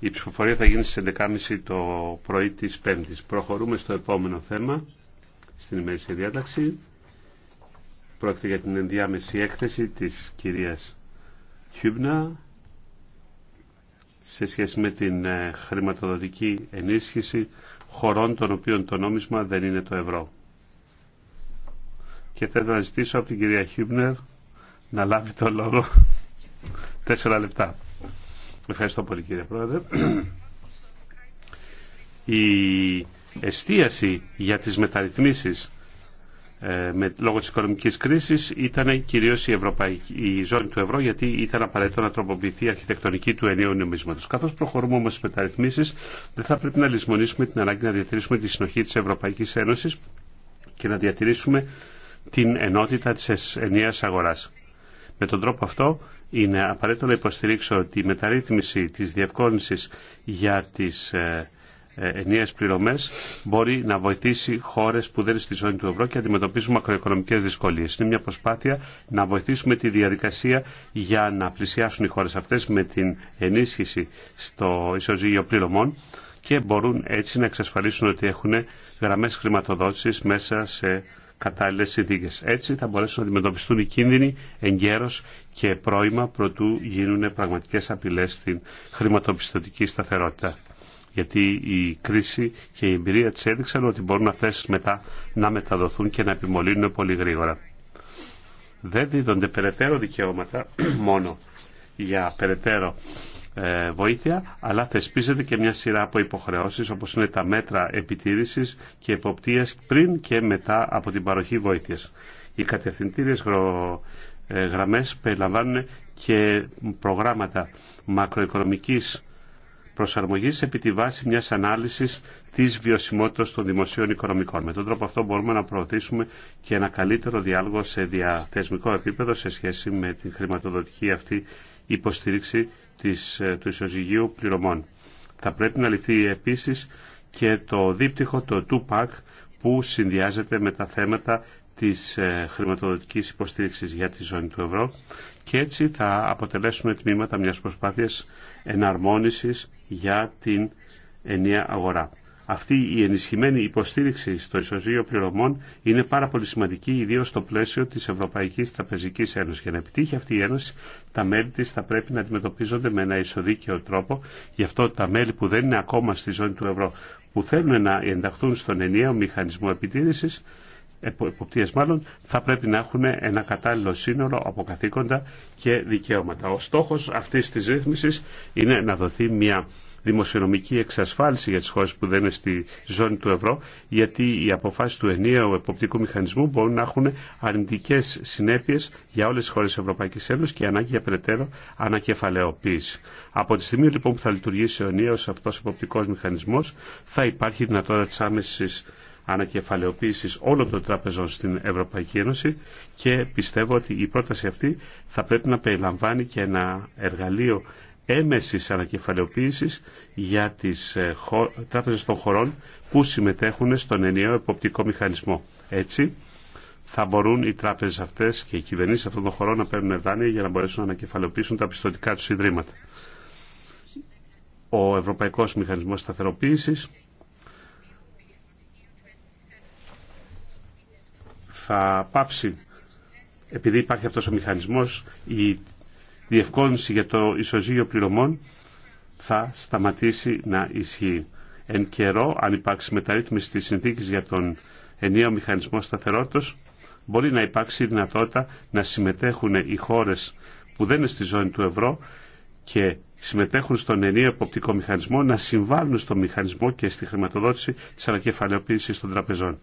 Η ψηφοφορία θα γίνει στις 11.30 το πρωί της Πέμπτης. Προχωρούμε στο επόμενο θέμα, στην ημέρηση διάταξη. Πρόκειται για την ενδιάμεση έκθεση της κυρίας Χιούμπνα σε σχέση με την ε, χρηματοδοτική ενίσχυση χωρών των οποίων το νόμισμα δεν είναι το ευρώ. Και θέλω να ζητήσω από την κυρία Χιούμπνερ να λάβει το λόγο τέσσερα λεπτά. Ευχαριστώ πολύ κύριε Πρόεδρε. Η εστίαση για τις μεταρρυθμίσεις ε, με, λόγω της οικονομικής κρίσης ήταν κυρίως η, ευρωπαϊκή, ζώνη του ευρώ γιατί ήταν απαραίτητο να τροποποιηθεί η αρχιτεκτονική του ενίου νομίσματος. Καθώς προχωρούμε όμως στις μεταρρυθμίσεις δεν θα πρέπει να λησμονήσουμε την ανάγκη να διατηρήσουμε τη συνοχή της Ευρωπαϊκής Ένωσης και να διατηρήσουμε την ενότητα της ενιαίας αγοράς. Με τον τρόπο αυτό είναι απαραίτητο να υποστηρίξω ότι η μεταρρύθμιση της διευκόλυνσης για τις ε, ε, ενιαίες πληρωμές μπορεί να βοηθήσει χώρες που δεν είναι στη ζώνη του ευρώ και αντιμετωπίζουν μακροοικονομικές δυσκολίες. Είναι μια προσπάθεια να βοηθήσουμε τη διαδικασία για να πλησιάσουν οι χώρες αυτές με την ενίσχυση στο ισοζύγιο πληρωμών και μπορούν έτσι να εξασφαλίσουν ότι έχουν γραμμές χρηματοδότησης μέσα σε κατάλληλες συνθήκε. Έτσι θα μπορέσουν να αντιμετωπιστούν οι κίνδυνοι εγκαίρως και πρώιμα προτού γίνουν πραγματικές απειλές στην χρηματοπιστωτική σταθερότητα. Γιατί η κρίση και η εμπειρία της έδειξαν ότι μπορούν αυτές μετά να μεταδοθούν και να επιμολύνουν πολύ γρήγορα. Δεν δίδονται περαιτέρω δικαιώματα μόνο για περαιτέρω ε, βοήθεια, αλλά θεσπίζεται και μια σειρά από υποχρεώσεις όπως είναι τα μέτρα επιτήρησης και εποπτείας πριν και μετά από την παροχή βοήθειας. Οι κατευθυντήριες ε, γραμμές περιλαμβάνουν και προγράμματα μακροοικονομικής προσαρμογής επί τη βάση μιας ανάλυσης της βιωσιμότητας των δημοσίων οικονομικών. Με τον τρόπο αυτό μπορούμε να προωθήσουμε και ένα καλύτερο διάλογο σε διαθεσμικό επίπεδο σε σχέση με την χρηματοδοτική αυτή υποστήριξη της, ε, του ισοζυγίου πληρωμών. Θα πρέπει να ληφθεί επίσης και το δίπτυχο, το 2 που συνδυάζεται με τα θέματα της ε, χρηματοδοτικής υποστήριξης για τη ζώνη του ευρώ και έτσι θα αποτελέσουμε τμήματα μιας προσπάθειας εναρμόνισης για την ενιαία αγορά αυτή η ενισχυμένη υποστήριξη στο ισοζύγιο πληρωμών είναι πάρα πολύ σημαντική, ιδίω στο πλαίσιο τη Ευρωπαϊκή Τραπεζική Ένωση. Για να επιτύχει αυτή η Ένωση, τα μέλη τη θα πρέπει να αντιμετωπίζονται με ένα ισοδίκαιο τρόπο. Γι' αυτό τα μέλη που δεν είναι ακόμα στη ζώνη του ευρώ, που θέλουν να ενταχθούν στον ενιαίο μηχανισμό επιτήρηση, εποπτείες μάλλον, θα πρέπει να έχουν ένα κατάλληλο σύνολο από καθήκοντα και δικαιώματα. Ο στόχος αυτής της Ρύθμιση είναι να δοθεί μια δημοσιονομική εξασφάλιση για τις χώρες που δεν είναι στη ζώνη του ευρώ, γιατί οι αποφάσεις του ενιαίου εποπτικού μηχανισμού μπορούν να έχουν αρνητικές συνέπειες για όλες τις χώρες της Ευρωπαϊκής Ένωσης και ανάγκη για περαιτέρω ανακεφαλαιοποίηση. Από τη στιγμή λοιπόν που θα λειτουργήσει ο ενιαίος αυτός εποπτικός μηχανισμός, θα υπάρχει δυνατότητα της άμεσης ανακεφαλαιοποίηση όλων των τραπεζών στην Ευρωπαϊκή Ένωση και πιστεύω ότι η πρόταση αυτή θα πρέπει να περιλαμβάνει και ένα εργαλείο έμεσης ανακεφαλαιοποίησης για τις ε, τράπεζες των χωρών που συμμετέχουν στον ενιαίο εποπτικό μηχανισμό. Έτσι, θα μπορούν οι τράπεζες αυτές και οι κυβερνήσεις αυτών των χωρών να παίρνουν δάνεια για να μπορέσουν να ανακεφαλαιοποιήσουν τα πιστοτικά τους ιδρύματα. Ο Ευρωπαϊκός Μηχανισμός Σταθεροποίησης θα πάψει επειδή υπάρχει αυτός ο μηχανισμός, οι διευκόλυνση για το ισοζύγιο πληρωμών θα σταματήσει να ισχύει. Εν καιρό, αν υπάρξει μεταρρύθμιση της συνθήκης για τον ενίο μηχανισμό σταθερότητας, μπορεί να υπάρξει δυνατότητα να συμμετέχουν οι χώρες που δεν είναι στη ζώνη του ευρώ και συμμετέχουν στον ενίο εποπτικό μηχανισμό να συμβάλλουν στο μηχανισμό και στη χρηματοδότηση της ανακεφαλαιοποίησης των τραπεζών.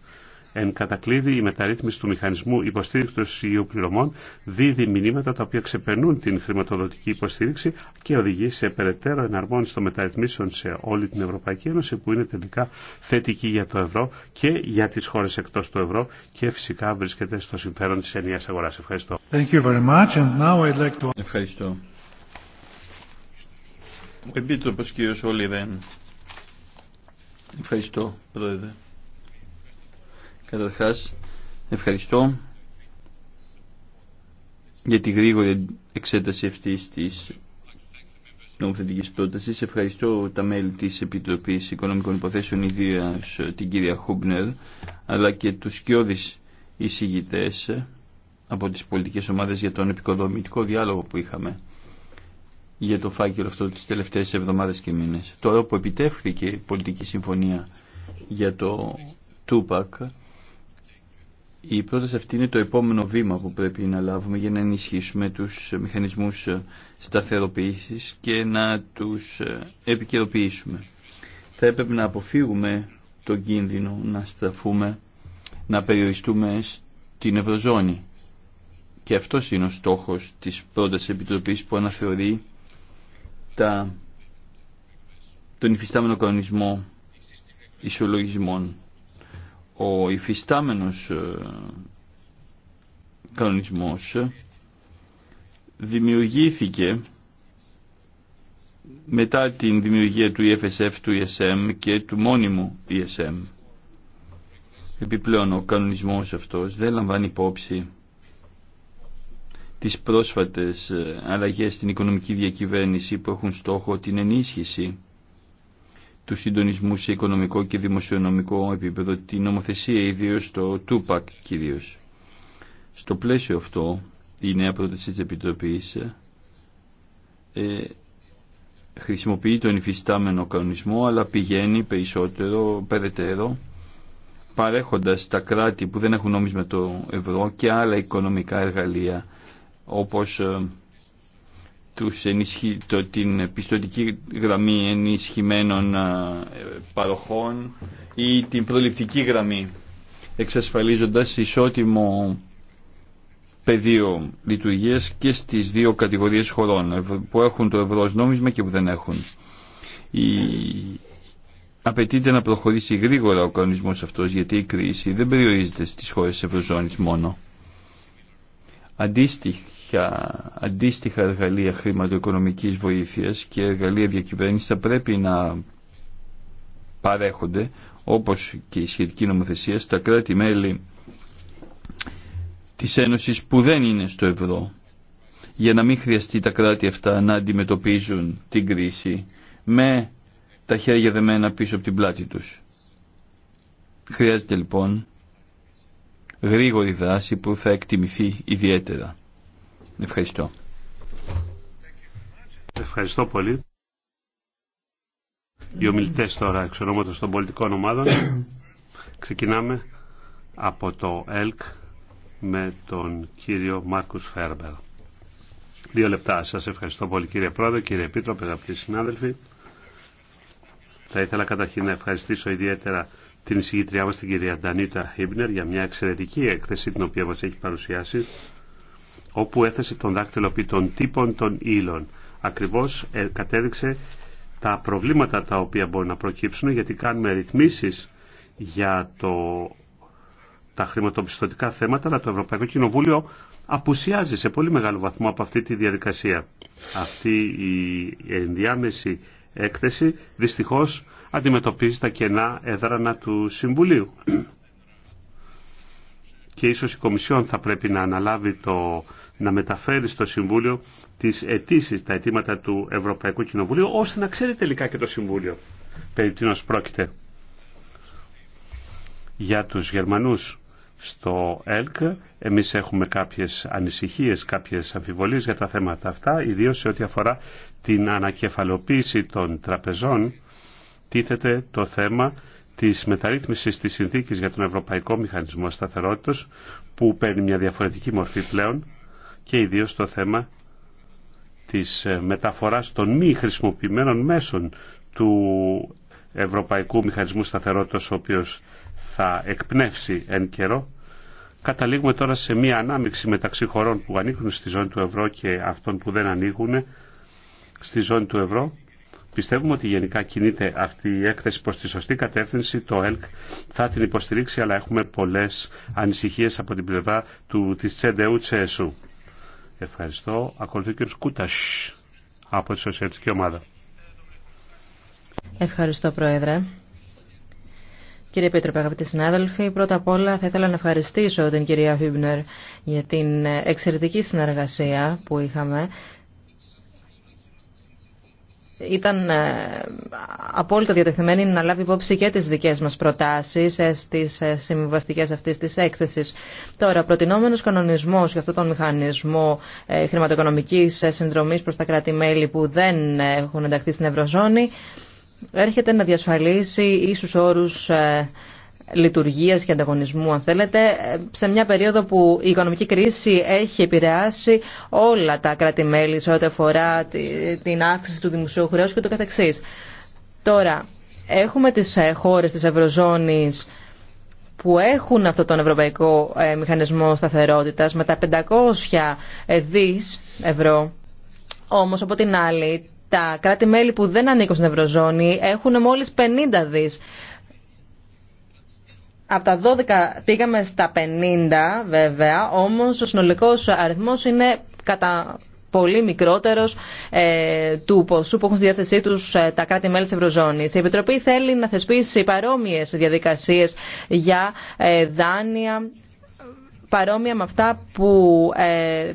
Εν κατακλείδη, η μεταρρύθμιση του μηχανισμού υποστήριξη των πληρωμών δίδει μηνύματα τα οποία ξεπερνούν την χρηματοδοτική υποστήριξη και οδηγεί σε περαιτέρω εναρμόνιση των μεταρρυθμίσεων σε όλη την Ευρωπαϊκή Ένωση, που είναι τελικά θετική για το ευρώ και για τις χώρες εκτός του ευρώ και φυσικά βρίσκεται στο συμφέρον τη ενιαίας αγορά. Ευχαριστώ. Ευχαριστώ. Ευχαριστώ, Πρόεδρε. Καταρχάς, ευχαριστώ για τη γρήγορη εξέταση αυτής της νομοθετικής πρότασης. Ευχαριστώ τα μέλη της Επιτροπής Οικονομικών Υποθέσεων, ιδίως την κυρία Χούμπνερ, αλλά και τους σκιώδεις εισηγητές από τις πολιτικές ομάδες για τον επικοδομητικό διάλογο που είχαμε για το φάκελο αυτό τις τελευταίες εβδομάδες και μήνες. Τώρα που επιτεύχθηκε η πολιτική συμφωνία για το Τούπακ, η πρόταση αυτή είναι το επόμενο βήμα που πρέπει να λάβουμε για να ενισχύσουμε τους μηχανισμούς σταθεροποίησης και να τους επικαιροποιήσουμε. Θα έπρεπε να αποφύγουμε τον κίνδυνο να στραφούμε, να περιοριστούμε στην Ευρωζώνη. Και αυτό είναι ο στόχος της πρώτας επιτροπής που αναθεωρεί τα, τον υφιστάμενο κανονισμό ισολογισμών ο υφιστάμενος ε, κανονισμός δημιουργήθηκε μετά την δημιουργία του EFSF, του ESM και του μόνιμου ESM. Επιπλέον ο κανονισμός αυτός δεν λαμβάνει υπόψη τις πρόσφατες ε, αλλαγές στην οικονομική διακυβέρνηση που έχουν στόχο την ενίσχυση του συντονισμού σε οικονομικό και δημοσιονομικό επίπεδο, την νομοθεσία ιδίω το Τούπακ κυρίω. Στο πλαίσιο αυτό, η νέα πρόταση της Επιτροπής ε, ε, χρησιμοποιεί τον υφιστάμενο κανονισμό, αλλά πηγαίνει περισσότερο, περαιτέρω, παρέχοντας τα κράτη που δεν έχουν νόμισμα το ευρώ και άλλα οικονομικά εργαλεία, όπως ε, τους το, την πιστοτική γραμμή ενισχυμένων ε, παροχών ή την προληπτική γραμμή εξασφαλίζοντας ισότιμο πεδίο λειτουργίας και στις δύο κατηγορίες χωρών που έχουν το ευρώ νόμισμα και που δεν έχουν. Η... Απαιτείται να προχωρήσει γρήγορα ο κανονισμός αυτός γιατί η κρίση δεν περιορίζεται στις χώρες της Ευρωζώνης μόνο. Αντίστοιχη και αντίστοιχα εργαλεία χρηματοοικονομικής βοήθειας και εργαλεία διακυβέρνησης θα πρέπει να παρέχονται όπως και η σχετική νομοθεσία στα κράτη-μέλη της Ένωσης που δεν είναι στο ευρώ για να μην χρειαστεί τα κράτη αυτά να αντιμετωπίζουν την κρίση με τα χέρια δεμένα πίσω από την πλάτη τους. Χρειάζεται λοιπόν γρήγορη δράση που θα εκτιμηθεί ιδιαίτερα. Ευχαριστώ. Ευχαριστώ πολύ. Οι ομιλητέ τώρα εξ ονόματος των πολιτικών ομάδων. Ξεκινάμε από το ΕΛΚ με τον κύριο Μάρκους Φέρμπερ. Δύο λεπτά. Σας ευχαριστώ πολύ κύριε Πρόεδρε, κύριε Επίτροπε, αγαπητοί συνάδελφοι. Θα ήθελα καταρχήν να ευχαριστήσω ιδιαίτερα την εισηγητριά μας την κυρία Ντανίτα Χίμπνερ για μια εξαιρετική έκθεση την οποία μας έχει παρουσιάσει όπου έθεσε τον δάκτυλο επί των τύπων των ύλων. Ακριβώς ε, κατέδειξε τα προβλήματα τα οποία μπορεί να προκύψουν γιατί κάνουμε ρυθμίσεις για το, τα χρηματοπιστωτικά θέματα αλλά το Ευρωπαϊκό Κοινοβούλιο απουσιάζει σε πολύ μεγάλο βαθμό από αυτή τη διαδικασία. Αυτή η ενδιάμεση έκθεση δυστυχώς αντιμετωπίζει τα κενά έδρανα του Συμβουλίου και ίσως η Κομισιόν θα πρέπει να αναλάβει το, να μεταφέρει στο Συμβούλιο τις αιτήσει, τα αιτήματα του Ευρωπαϊκού Κοινοβουλίου, ώστε να ξέρει τελικά και το Συμβούλιο περί τίνος πρόκειται. Για τους Γερμανούς στο ΕΛΚ, εμείς έχουμε κάποιες ανησυχίες, κάποιες αμφιβολίες για τα θέματα αυτά, ιδίως σε ό,τι αφορά την ανακεφαλοποίηση των τραπεζών, τίθεται το θέμα της μεταρρύθμισης της συνθήκης για τον Ευρωπαϊκό Μηχανισμό Σταθερότητος που παίρνει μια διαφορετική μορφή πλέον και ιδίως το θέμα της ε, μεταφοράς των μη χρησιμοποιημένων μέσων του Ευρωπαϊκού Μηχανισμού Σταθερότητας ο οποίος θα εκπνεύσει εν καιρό καταλήγουμε τώρα σε μια ανάμειξη μεταξύ χωρών που ανήκουν στη ζώνη του ευρώ και αυτών που δεν ανοίγουν στη ζώνη του ευρώ Πιστεύουμε ότι γενικά κινείται αυτή η έκθεση προς τη σωστή κατεύθυνση. Το ΕΛΚ θα την υποστηρίξει, αλλά έχουμε πολλές ανησυχίες από την πλευρά του, της Τσεντεού Τσέσου. Ευχαριστώ. Ακολουθεί ο κ. Κούτας από τη Σοσιαλιστική Ομάδα. Ευχαριστώ, Πρόεδρε. Κύριε Πίτροπε, αγαπητοί συνάδελφοι, πρώτα απ' όλα θα ήθελα να ευχαριστήσω την κυρία Χίμπνερ για την εξαιρετική συνεργασία που είχαμε ήταν ε, απόλυτα διατεθειμένη να λάβει υπόψη και τις δικές μας προτάσεις ε, στις ε, συμβιβαστικές αυτής της έκθεσης. Τώρα, προτινόμενος κανονισμός για αυτό τον μηχανισμό χρηματοοικονομικής συνδρομής προς τα κράτη-μέλη που δεν έχουν ενταχθεί στην Ευρωζώνη έρχεται να διασφαλίσει ίσους όρους λειτουργία και ανταγωνισμού αν θέλετε σε μια περίοδο που η οικονομική κρίση έχει επηρεάσει όλα τα κράτη-μέλη σε ό,τι αφορά την αύξηση του δημοσίου χρέου και το καθεξής. Τώρα, έχουμε τις ε, χώρε τη Ευρωζώνης που έχουν αυτόν τον Ευρωπαϊκό ε, Μηχανισμό Σταθερότητας με τα 500 ε, δις ευρώ. Όμως, από την άλλη, τα κράτη-μέλη που δεν ανήκουν στην Ευρωζώνη έχουν μόλις 50 δις. Από τα 12 πήγαμε στα 50 βέβαια, όμως ο συνολικός αριθμός είναι κατά πολύ μικρότερο ε, του ποσού που έχουν στη διάθεσή του ε, τα κράτη-μέλη της Ευρωζώνη. Η Επιτροπή θέλει να θεσπίσει παρόμοιε διαδικασίε για ε, δάνεια παρόμοια με αυτά που ε,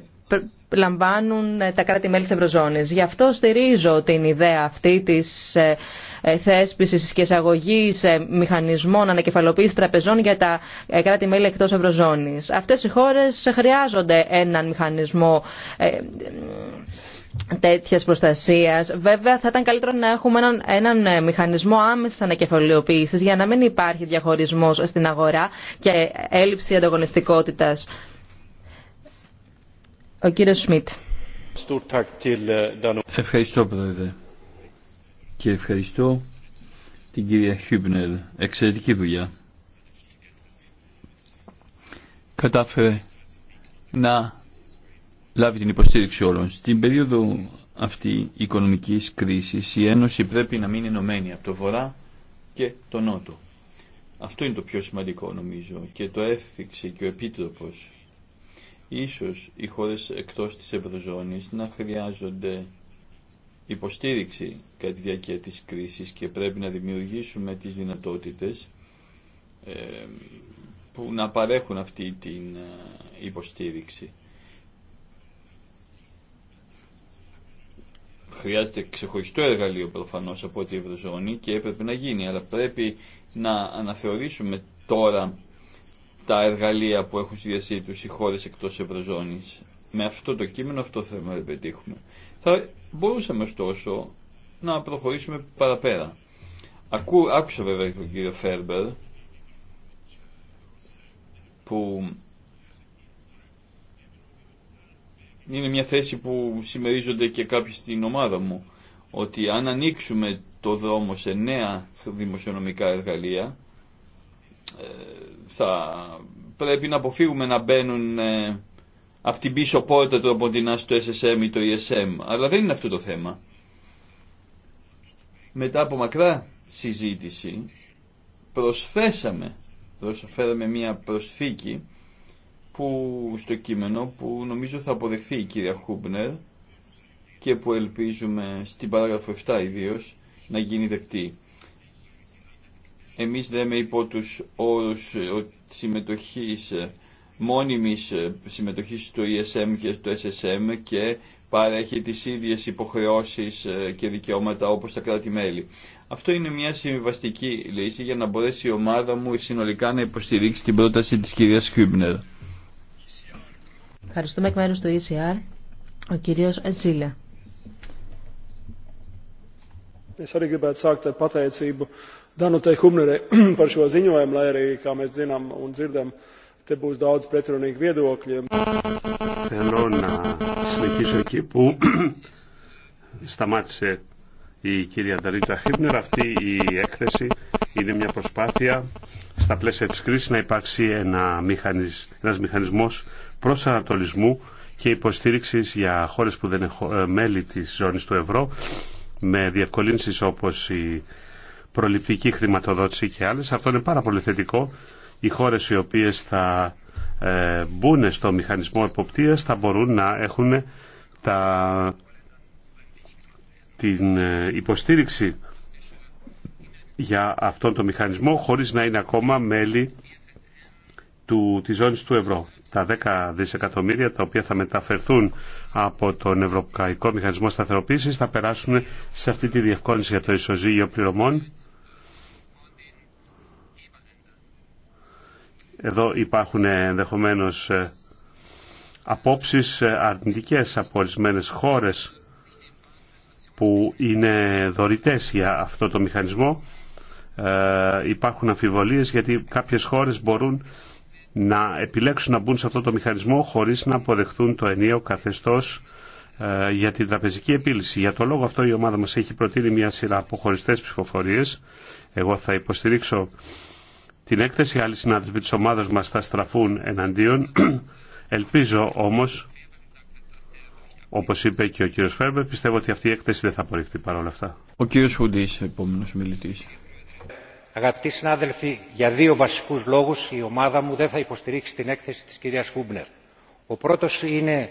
λαμβάνουν ε, τα κράτη-μέλη της Ευρωζώνης. Γι' αυτό στηρίζω την ιδέα αυτή της ε, ε, θέσπισης και εισαγωγή μηχανισμών ανακεφαλοποίησης τραπεζών για τα κράτη-μέλη εκτός Ευρωζώνης. Αυτές οι χώρες χρειάζονται έναν μηχανισμό τέτοιας προστασίας. Βέβαια θα ήταν καλύτερο να έχουμε έναν, έναν μηχανισμό άμεσης ανακεφαλαιοποίηση για να μην υπάρχει διαχωρισμός στην αγορά και έλλειψη ανταγωνιστικότητας. Eh, ευχαριστώ πρόεδρε και ευχαριστώ την κυρία Χιούμπνερ. Εξαιρετική δουλειά. Κατάφερε να λάβει την υποστήριξη όλων. Στην περίοδο αυτή οικονομικής κρίσης η Ένωση πρέπει να μείνει ενωμένη από το Βορρά και το Νότο. Αυτό είναι το πιο σημαντικό νομίζω και το έφηξε και ο Επίτροπος Ίσως οι χώρες εκτός της Ευρωζώνης να χρειάζονται υποστήριξη κατά τη διάρκεια της κρίσης και πρέπει να δημιουργήσουμε τις δυνατότητες ε, που να παρέχουν αυτή την ε, υποστήριξη. Χρειάζεται ξεχωριστό εργαλείο προφανώς από την Ευρωζώνη και έπρεπε να γίνει, αλλά πρέπει να αναθεωρήσουμε τώρα τα εργαλεία που έχουν στη διασύνη τους οι χώρες εκτός Ευρωζώνης. Με αυτό το κείμενο αυτό θέλουμε να πετύχουμε. Θα μπορούσαμε ωστόσο να προχωρήσουμε παραπέρα. Ακού, άκουσα βέβαια τον κύριο Φέρμπερ που είναι μια θέση που συμμερίζονται και κάποιοι στην ομάδα μου ότι αν ανοίξουμε το δρόμο σε νέα δημοσιονομικά εργαλεία θα πρέπει να αποφύγουμε να μπαίνουν ε, από την πίσω πόρτα του στο SSM ή το ESM. Αλλά δεν είναι αυτό το θέμα. Μετά από μακρά συζήτηση προσθέσαμε, προσφέραμε μια προσθήκη που, στο κείμενο που νομίζω θα αποδεχθεί η κυρία Χούμπνερ και που ελπίζουμε στην παράγραφο 7 ιδίω να γίνει δεκτή. Εμείς λέμε υπό τους όρους ε, συμμετοχής, ε, μόνιμης ε, συμμετοχής στο ESM και στο SSM και παρέχει τις ίδιες υποχρεώσεις και δικαιώματα όπως τα κράτη-μέλη. Αυτό είναι μια συμβιβαστική λύση για να μπορέσει η ομάδα μου συνολικά να υποστηρίξει την πρόταση της κυρίας Χιούμπνερ. Ευχαριστούμε εκ μέρους του ECR, ο κύριος Ζήλε. Es arī gribētu sākt ar pateicību par šo ziņojumu, lai arī, kā mēs zinām un dzirdam, te būs daudz pretrunīgu viedokļu. Θέλω να συνεχίσω εκεί που σταμάτησε η κυρία Νταρίτα Χίπνερ. Αυτή η έκθεση είναι μια προσπάθεια στα πλαίσια της κρίσης να υπάρξει ένα μηχανισ... ένας μηχανισμός προσανατολισμού και υποστήριξης για χώρες που δεν είναι μέλη της ζώνης του ευρώ με διευκολύνσεις όπως η προληπτική χρηματοδότηση και άλλες. Αυτό είναι πάρα πολύ θετικό. Οι χώρες οι οποίες θα ε, μπουν στο μηχανισμό εποπτείας θα μπορούν να έχουν τα, την ε, υποστήριξη για αυτόν τον μηχανισμό χωρίς να είναι ακόμα μέλη του, της ζώνης του ευρώ τα 10 δισεκατομμύρια τα οποία θα μεταφερθούν από τον Ευρωπαϊκό Μηχανισμό Σταθεροποίησης θα περάσουν σε αυτή τη διευκόλυνση για το ισοζύγιο πληρωμών. Εδώ υπάρχουν ενδεχομένω ε, απόψεις ε, αρνητικές από ορισμένε χώρες που είναι δωρητές για αυτό το μηχανισμό. Ε, υπάρχουν αμφιβολίες γιατί κάποιες χώρες μπορούν να επιλέξουν να μπουν σε αυτό το μηχανισμό χωρίς να αποδεχθούν το ενίο καθεστώς ε, για την τραπεζική επίλυση. Για το λόγο αυτό η ομάδα μας έχει προτείνει μια σειρά από χωριστές ψηφοφορίες. Εγώ θα υποστηρίξω την έκθεση, άλλοι συνάδελφοι της ομάδας μας θα στραφούν εναντίον. Ελπίζω όμως, όπως είπε και ο κύριος Φέρμπερ, πιστεύω ότι αυτή η έκθεση δεν θα απορριφθεί παρόλα αυτά. Ο κύριος Χουντής, επόμενος μιλητής. Αγαπητοί συνάδελφοι, για δύο βασικούς λόγους η ομάδα μου δεν θα υποστηρίξει την έκθεση της κυρίας Χούμπνερ. Ο πρώτος είναι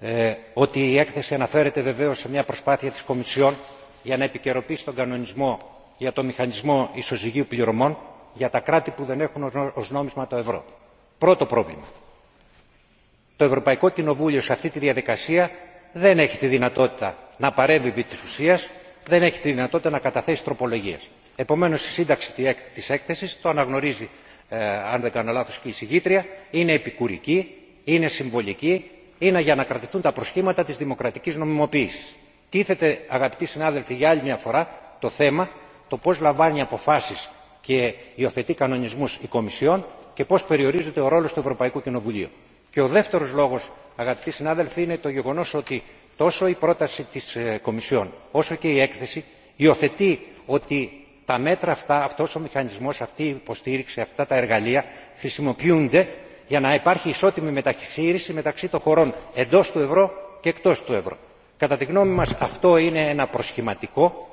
ε, ότι η έκθεση αναφέρεται βεβαίως σε μια προσπάθεια της Κομισιόν για να επικαιροποιήσει τον κανονισμό για το μηχανισμό ισοζυγίου πληρωμών για τα κράτη που δεν έχουν ως νόμισμα το ευρώ. Πρώτο πρόβλημα. Το Ευρωπαϊκό Κοινοβούλιο σε αυτή τη διαδικασία δεν έχει τη δυνατότητα να παρέμβει επί της ουσίας, δεν έχει τη δυνατότητα να καταθέσει τροπολογίες επομένω η σύνταξη τη έκθεση το αναγνωρίζει ε, αν δεν κάνω λάθο και η συγγήτρια είναι επικουρική είναι συμβολική είναι για να κρατηθούν τα προσχήματα τη δημοκρατική νομιμοποίηση. τίθεται αγαπητοί συνάδελφοι για άλλη μια φορά το θέμα το πώ λαμβάνει αποφάσει και υιοθετεί κανονισμού η κομισιόν και πώ περιορίζεται ο ρόλο του ευρωπαϊκού κοινοβουλίου. και ο δεύτερο λόγο αγαπητοί συνάδελφοι είναι το γεγονό ότι τόσο η πρόταση τη ε, κομισιόν όσο και η έκθεση υιοθετεί ότι τα μέτρα αυτά αυτό ο μηχανισμό, αυτή η υποστήριξη αυτά τα εργαλεία χρησιμοποιούνται για να υπάρχει ισότιμη μεταχείριση μεταξύ των χωρών εντό του ευρώ και εκτό του ευρώ. κατά τη γνώμη μα, αυτό είναι ένα προσχηματικό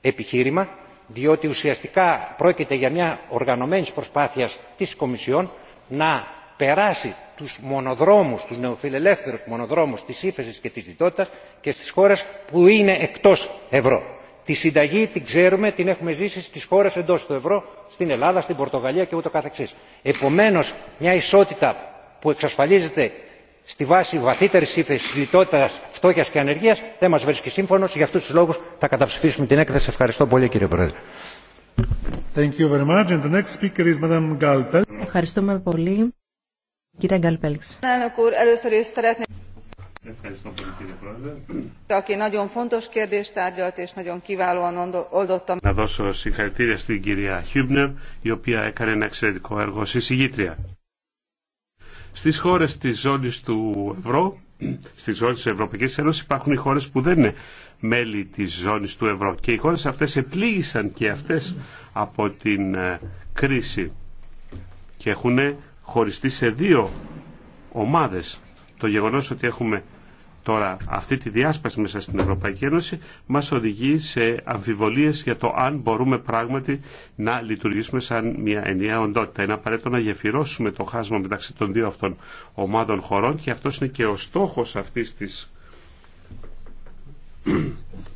επιχείρημα διότι ουσιαστικά πρόκειται για μια οργανωμένη προσπάθεια τη κομισιόν να περάσει του μονοδρόμους τους νεοφιλελεύθερους μονοδρόμους της ύφεσης και τη λιτότητα και στι χώρε που είναι εκτό ευρώ τη συνταγή την ξέρουμε την έχουμε ζήσει στις χώρες εντός του ευρώ στην ελλάδα στην πορτογαλία και ούτω καθεξής. επομένως μια ισότητα που εξασφαλίζεται στη βάση βαθύτερης ύφεσης λιτότητας φτώχειας και ανεργίας δεν μας βρίσκει σύμφωνος. για αυτούς τους λόγους θα καταψηφίσουμε την έκθεση. ευχαριστώ πολύ κύριε πρόεδρε. πολύ. Ευχαριστώ πολύ κύριε Πρόεδρε. Να δώσω συγχαρητήρια στην κυρία Χιούμπνερ, η οποία έκανε ένα εξαιρετικό έργο στη συγγήτρια. Στις χώρες της ζώνης του ευρώ, στις ζώνες της Ευρωπαϊκής Ένωσης υπάρχουν οι χώρες που δεν είναι μέλη της ζώνης του ευρώ και οι χώρες αυτές επλήγησαν και αυτές από την ε, κρίση και έχουν χωριστεί σε δύο ομάδες. Το γεγονός ότι έχουμε Τώρα, αυτή τη διάσπαση μέσα στην Ευρωπαϊκή Ένωση μας οδηγεί σε αμφιβολίες για το αν μπορούμε πράγματι να λειτουργήσουμε σαν μια ενιαία οντότητα. Είναι απαραίτητο να γεφυρώσουμε το χάσμα μεταξύ των δύο αυτών ομάδων χωρών και αυτός είναι και ο στόχος αυτής της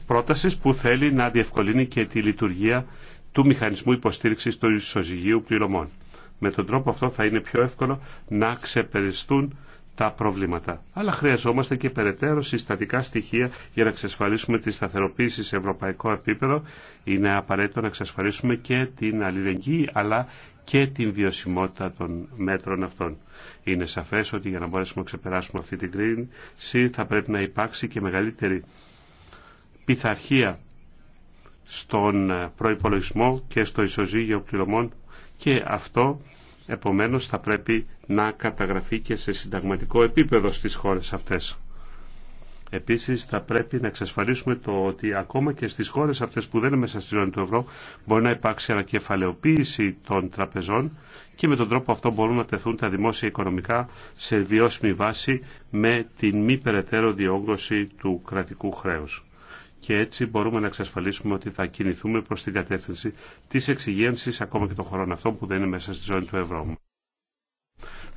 πρότασης που θέλει να διευκολύνει και τη λειτουργία του μηχανισμού υποστήριξης του ισοζυγίου πληρωμών. Με τον τρόπο αυτό θα είναι πιο εύκολο να ξεπεριστούν τα προβλήματα. Αλλά χρειαζόμαστε και περαιτέρω συστατικά στοιχεία για να εξασφαλίσουμε τη σταθεροποίηση σε ευρωπαϊκό επίπεδο. Είναι απαραίτητο να εξασφαλίσουμε και την αλληλεγγύη αλλά και την βιωσιμότητα των μέτρων αυτών. Είναι σαφές ότι για να μπορέσουμε να ξεπεράσουμε αυτή την κρίση θα πρέπει να υπάρξει και μεγαλύτερη πειθαρχία στον προϋπολογισμό και στο ισοζύγιο πληρωμών και αυτό επομένως θα πρέπει να καταγραφεί και σε συνταγματικό επίπεδο στις χώρες αυτές. Επίσης θα πρέπει να εξασφαλίσουμε το ότι ακόμα και στις χώρες αυτές που δεν είναι μέσα στη ζώνη του ευρώ μπορεί να υπάρξει ανακεφαλαιοποίηση των τραπεζών και με τον τρόπο αυτό μπορούν να τεθούν τα δημόσια οικονομικά σε βιώσιμη βάση με την μη περαιτέρω διόγκωση του κρατικού χρέους. Και έτσι μπορούμε να εξασφαλίσουμε ότι θα κινηθούμε προς την κατεύθυνση της εξυγένσης ακόμα και των χωρών αυτών που δεν είναι μέσα στη ζώνη του ευρώ.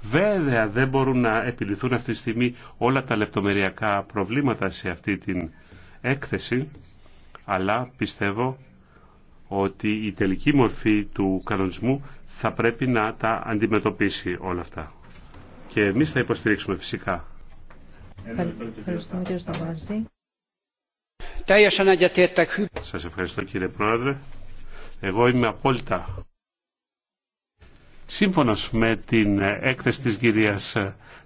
Βέβαια δεν μπορούν να επιληθούν αυτή τη στιγμή όλα τα λεπτομεριακά προβλήματα σε αυτή την έκθεση, αλλά πιστεύω ότι η τελική μορφή του κανονισμού θα πρέπει να τα αντιμετωπίσει όλα αυτά. Και εμείς θα υποστηρίξουμε φυσικά. Σας ευχαριστώ κύριε Πρόεδρε. Εγώ είμαι απόλυτα σύμφωνο με την έκθεση της κυρία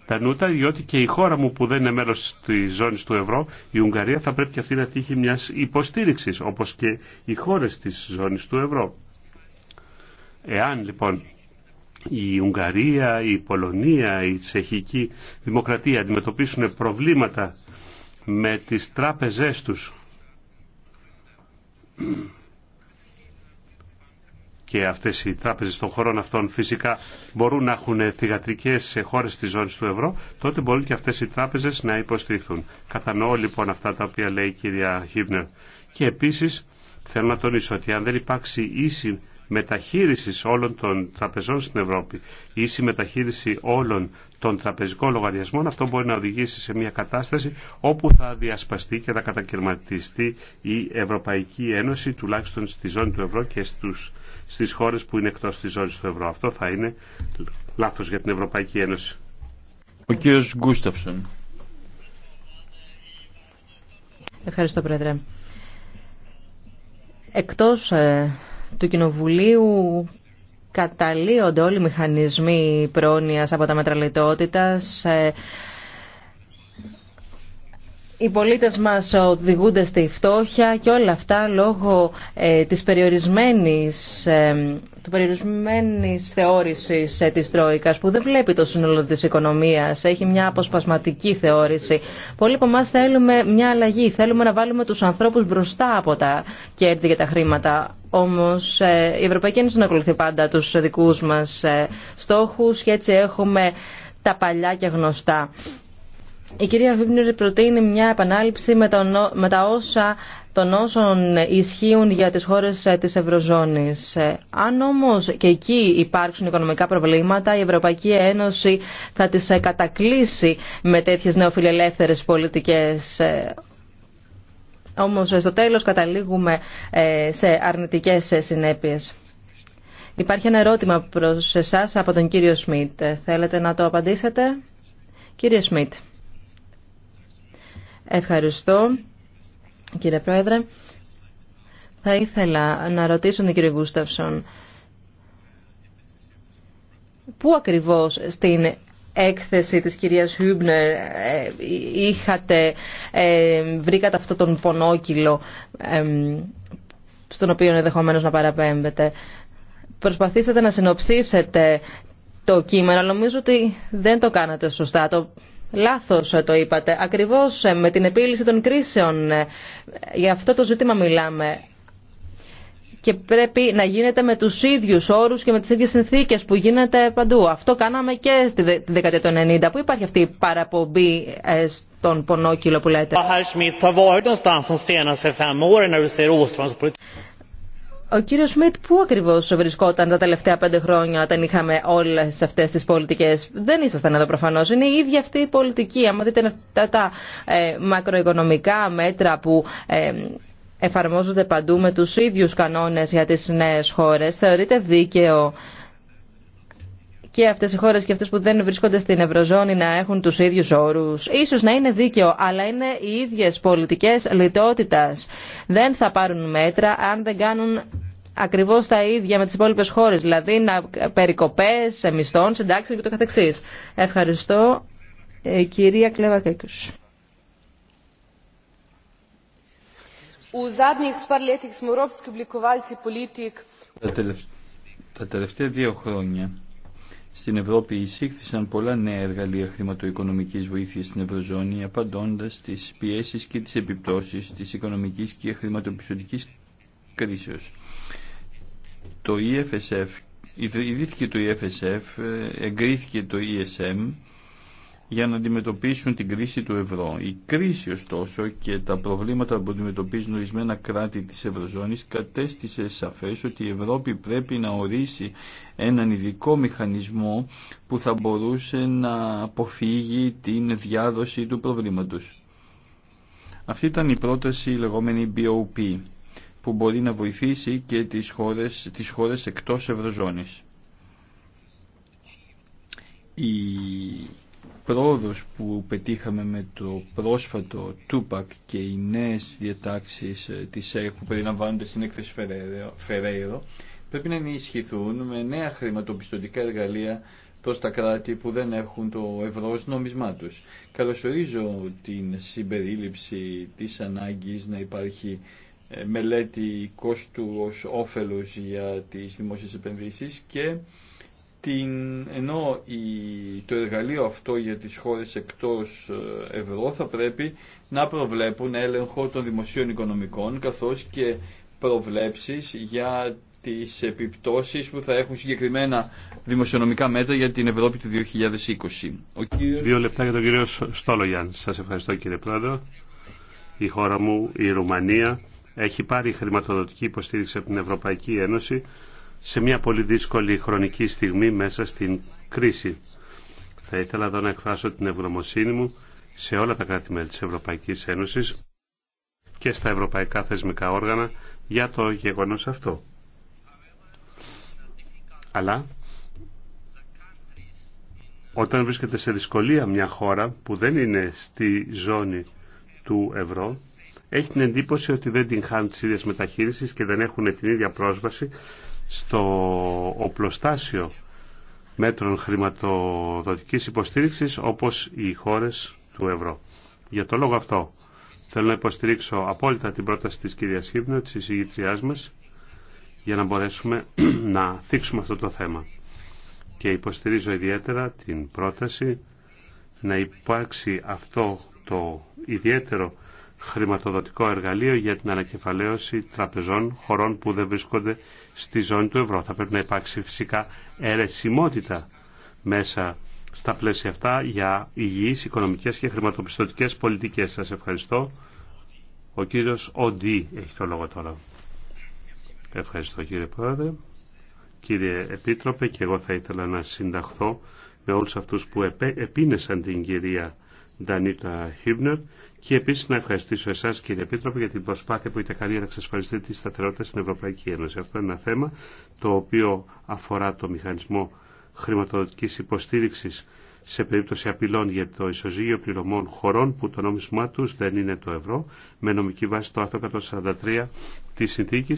Τανούτα, διότι και η χώρα μου που δεν είναι μέλος τη ζώνη του ευρώ, η Ουγγαρία, θα πρέπει και αυτή να τύχει μια υποστήριξη, όπως και οι χώρες της ζώνης του ευρώ. Εάν λοιπόν η Ουγγαρία, η Πολωνία, η Τσεχική Δημοκρατία αντιμετωπίσουν προβλήματα με τις τράπεζές τους και αυτές οι τράπεζες των χωρών αυτών φυσικά μπορούν να έχουν θηγατρικές σε χώρες της ζώνης του ευρώ, τότε μπορούν και αυτές οι τράπεζες να υποστηριχθούν. Κατανοώ λοιπόν αυτά τα οποία λέει η κυρία Χίμπνερ. Και επίσης θέλω να τονίσω ότι αν δεν υπάρξει ίση μεταχείριση όλων των τραπεζών στην Ευρώπη, ίση μεταχείριση όλων των τραπεζικών λογαριασμών, αυτό μπορεί να οδηγήσει σε μια κατάσταση όπου θα διασπαστεί και θα κατακαιρματιστεί η Ευρωπαϊκή Ένωση, τουλάχιστον στη ζώνη του ευρώ και στους, στις χώρες που είναι εκτός της ζώνης του ευρώ. Αυτό θα είναι λάθος για την Ευρωπαϊκή Ένωση. Ο κύριος Γκούσταυσον. Ευχαριστώ, Πρόεδρε. Εκτός ε, του Κοινοβουλίου καταλύονται όλοι οι μηχανισμοί πρόνοιας από τα μέτρα οι πολίτες μας οδηγούνται στη φτώχεια και όλα αυτά λόγω ε, της περιορισμένης, ε, του περιορισμένης θεώρησης ε, της Τρόικας που δεν βλέπει το σύνολο της οικονομίας, έχει μια αποσπασματική θεώρηση. Πολλοί από εμάς θέλουμε μια αλλαγή, θέλουμε να βάλουμε τους ανθρώπους μπροστά από τα κέρδη και τα χρήματα. Όμως ε, η Ευρωπαϊκή Ένωση ακολουθεί πάντα τους δικούς μας ε, στόχους και έτσι έχουμε τα παλιά και γνωστά. Η κυρία Βίμπνερ προτείνει μια επανάληψη με, με τα όσα των όσων ισχύουν για τις χώρες ε, της Ευρωζώνης. Ε, αν όμως και εκεί υπάρξουν οικονομικά προβλήματα, η Ευρωπαϊκή Ένωση θα τις ε, κατακλείσει με τέτοιες νεοφιλελεύθερες πολιτικές. Όμως στο τέλος καταλήγουμε σε αρνητικές συνέπειες. Υπάρχει ένα ερώτημα προς εσάς από τον κύριο Σμιτ. Θέλετε να το απαντήσετε? Κύριε Σμιτ. Ευχαριστώ, κύριε Πρόεδρε. Θα ήθελα να ρωτήσω τον κύριο Γούσταυσον πού ακριβώς στην έκθεση της κυρίας Χούμπνερ ε, είχατε, ε, βρήκατε αυτό τον πονόκυλο ε, στον οποίο ενδεχομένω να παραπέμπετε. Προσπαθήσατε να συνοψίσετε το κείμενο, νομίζω ότι δεν το κάνατε σωστά. Το Λάθο το είπατε. Ακριβώς ε, με την επίλυση των κρίσεων. Ε, για αυτό το ζήτημα μιλάμε. Και πρέπει να γίνεται με τους ίδιους όρου και με τις ίδιες συνθήκες που γίνεται παντού. Αυτό κάναμε και στη δεκαετία των 90 που υπάρχει αυτή η παραπομπή ε, στον πονόκυλο που λέτε ο κύριος Σμιτ πού ακριβώς βρισκόταν τα τελευταία πέντε χρόνια όταν είχαμε όλες αυτές τις πολιτικές. Δεν ήσασταν εδώ προφανώς. Είναι η ίδια αυτή η πολιτική. Αν δείτε αυτά τα ε, μακροοικονομικά μέτρα που ε, εφαρμόζονται παντού με τους ίδιους κανόνες για τις νέες χώρες, θεωρείται δίκαιο και αυτέ οι χώρε και αυτέ που δεν βρίσκονται στην Ευρωζώνη να έχουν του ίδιου όρου. σω να είναι δίκαιο, αλλά είναι οι ίδιε πολιτικέ λιτότητα. Δεν θα πάρουν μέτρα αν δεν κάνουν ακριβώ τα ίδια με τι υπόλοιπε χώρε, δηλαδή να περικοπές μισθών, συντάξεων και το καθεξής. Ευχαριστώ. Ε, κυρία Κλέβα Τα τελευταία δύο χρόνια στην Ευρώπη εισήχθησαν πολλά νέα εργαλεία χρηματοοικονομικής βοήθειας στην Ευρωζώνη, απαντώντας στις πιέσεις και τις επιπτώσεις της οικονομικής και χρηματοπιστωτικής κρίσεως. Το EFSF, ιδρύθηκε το EFSF, ε, εγκρίθηκε το ESM, για να αντιμετωπίσουν την κρίση του ευρώ. Η κρίση ωστόσο και τα προβλήματα που αντιμετωπίζουν ορισμένα κράτη της Ευρωζώνης κατέστησε σαφές ότι η Ευρώπη πρέπει να ορίσει έναν ειδικό μηχανισμό που θα μπορούσε να αποφύγει την διάδοση του προβλήματος. Αυτή ήταν η πρόταση λεγόμενη BOP που μπορεί να βοηθήσει και τις χώρες, τις χώρες εκτός Ευρωζώνης πρόοδος που πετύχαμε με το πρόσφατο Τούπακ και οι νέες διατάξεις ε, της ΕΡΚ ΕΕ που περιλαμβάνονται στην έκθεση Φεραίρο πρέπει να ενισχυθούν με νέα χρηματοπιστωτικά εργαλεία προς τα κράτη που δεν έχουν το ευρώ ως νόμισμά τους. Καλωσορίζω την συμπερίληψη της ανάγκης να υπάρχει ε, μελέτη κόστου ως όφελος για τις δημόσιες επενδύσεις και την, ενώ η, το εργαλείο αυτό για τις χώρες εκτός ε, ευρώ θα πρέπει να προβλέπουν έλεγχο των δημοσίων οικονομικών καθώς και προβλέψεις για τις επιπτώσεις που θα έχουν συγκεκριμένα δημοσιονομικά μέτρα για την Ευρώπη του 2020. Ο κύριος... Δύο λεπτά για τον κύριο Στόλογιαν. Σας ευχαριστώ κύριε Πρόεδρο. Η χώρα μου, η Ρουμανία, έχει πάρει χρηματοδοτική υποστήριξη από την Ευρωπαϊκή Ένωση σε μια πολύ δύσκολη χρονική στιγμή μέσα στην κρίση. Θα ήθελα εδώ να εκφράσω την ευγνωμοσύνη μου σε όλα τα κράτη-μέλη της Ευρωπαϊκής Ένωσης και στα ευρωπαϊκά θεσμικά όργανα για το γεγονός αυτό. Αλλά όταν βρίσκεται σε δυσκολία μια χώρα που δεν είναι στη ζώνη του ευρώ, έχει την εντύπωση ότι δεν την χάνουν τις ίδιες μεταχείρισεις και δεν έχουν την ίδια πρόσβαση στο οπλοστάσιο μέτρων χρηματοδοτικής υποστήριξης όπως οι χώρες του ευρώ. Για το λόγο αυτό θέλω να υποστηρίξω απόλυτα την πρόταση της κυρίας Χίπνου, της εισηγητριάς μας, για να μπορέσουμε να θίξουμε αυτό το θέμα. Και υποστηρίζω ιδιαίτερα την πρόταση να υπάρξει αυτό το ιδιαίτερο χρηματοδοτικό εργαλείο για την ανακεφαλαίωση τραπεζών χωρών που δεν βρίσκονται στη ζώνη του ευρώ. Θα πρέπει να υπάρξει φυσικά αιρεσιμότητα μέσα στα πλαίσια αυτά για υγιείς οικονομικές και χρηματοπιστωτικές πολιτικές. Σας ευχαριστώ. Ο κύριος Οντί έχει το λόγο τώρα. Ευχαριστώ κύριε Πρόεδρε. Κύριε Επίτροπε και εγώ θα ήθελα να συνταχθώ με όλους αυτούς που επίνεσαν την κυρία Ντανίτα Χίμπνερ και επίση να ευχαριστήσω εσά, κύριε Επίτροπο για την προσπάθεια που είτε κάνει να εξασφαλιστεί τη σταθερότητα στην Ευρωπαϊκή Ένωση. Αυτό είναι ένα θέμα το οποίο αφορά το μηχανισμό χρηματοδοτική υποστήριξη σε περίπτωση απειλών για το ισοζύγιο πληρωμών χωρών που το νόμισμά του δεν είναι το ευρώ, με νομική βάση το άρθρο 143 τη συνθήκη.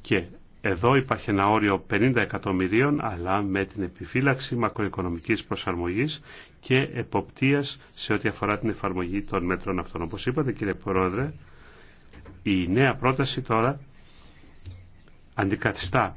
Και εδώ υπάρχει ένα όριο 50 εκατομμυρίων, αλλά με την επιφύλαξη μακροοικονομικής προσαρμογής και εποπτείας σε ό,τι αφορά την εφαρμογή των μέτρων αυτών. Όπως είπατε κύριε Πρόεδρε, η νέα πρόταση τώρα αντικαθιστά